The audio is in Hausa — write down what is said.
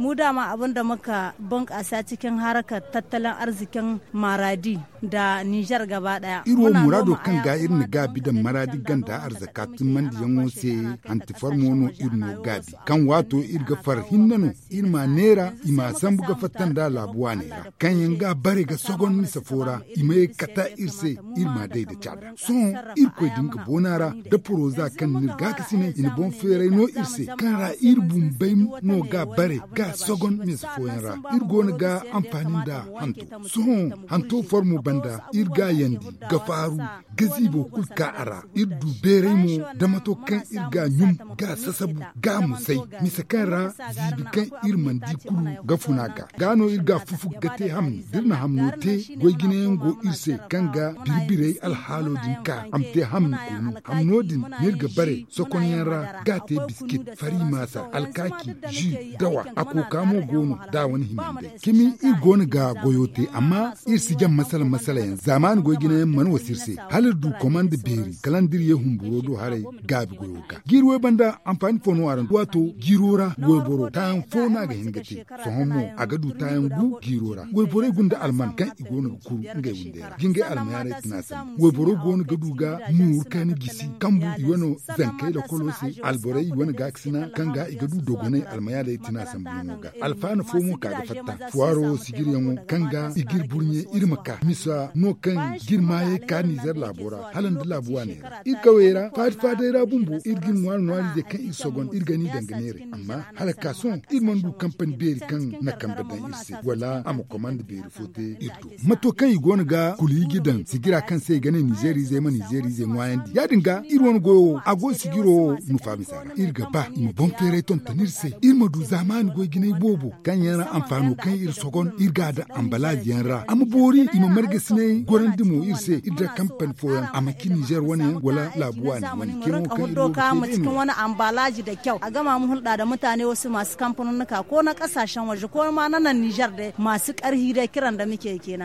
mu dama abin da muka bunƙasa cikin harkar tattalin arzikin maradi da nijar gaba daya iro murado kan ga irin gabi da maradi ganda arzaka tun mandiyan wose antifar mono irin gabi kan wato irga farhin irin irma nera ima san buga fatan da labuwa nera kan ga bare ga sogon nisa fora ima kata irse irma dai da cada son irko dinga bonara da za kan nirga ne ina bon fere no irse kan ra irbun bai no ga bare ga ga sogon mis foyenra ir gona ga amfanin da hanto sohon hanto formu banda yandi ga yandi gazibo kulka ara irdu bere mu da matokan irga ga nyum ga sasabu ga musai misakanra zibikan irman di kulu ga funaga gano ir ga fufu gate hamni dirna hamno te goyginayen go irse birbire alhalo din ka amte hamni kunu din nirga bare sokon yanra gate biskit fari masa alkaki ji dawa ko kamo gono da wani hinande kimi i goni ga goyote amma si sijan masala masala yan zaman go gina yan man wasirse hal du commande beri kalandir ye humburo do hare gabi goyoka girwe banda amfani fono aran wato girora goyboro tan fona ga hingate so homo aga du tan gu girora goyboro gunda alman kan i gono kuru nge wunde ginge almayare tinasan goyboro gono ga duga mur kan gisi kambu iwono zankai da kolose alborai wani gaksina kan ga igadu dogonai almayare tinasan bu muga alfana fomu ka ga fatta fuwaro sigiriyan kanga igir burnye irmaka misa no kan ye ka zer labora halan da labuwa ne ikawera fat fatera bumbu irgin nwar nwar de kan isogon irgani danganere amma halaka son irman du kampan beri kan na kambadan irse wala am command beri fote irdu mato kan igon ga kuli gidan sigira kan sai gane nigeri zai ma nigeri zai nwayandi ya dinga irwon go ago sigiro nufa irga ba mu bon fere ton tanirse irma du zaman go gine bobo kan yana amfano kan ir sogon irga da ambala yanra am bori ima marga sinai goran dimo irse idra kampen foyan a Niger wani wala labuwa ne wani kimo ka irwo ka mu cikin wani ambalaji da kyau a gama mu hulɗa da mutane wasu masu kamfanonuka ko na kasashen waje ko ma na nan Niger da masu karhi da kiran da muke kenan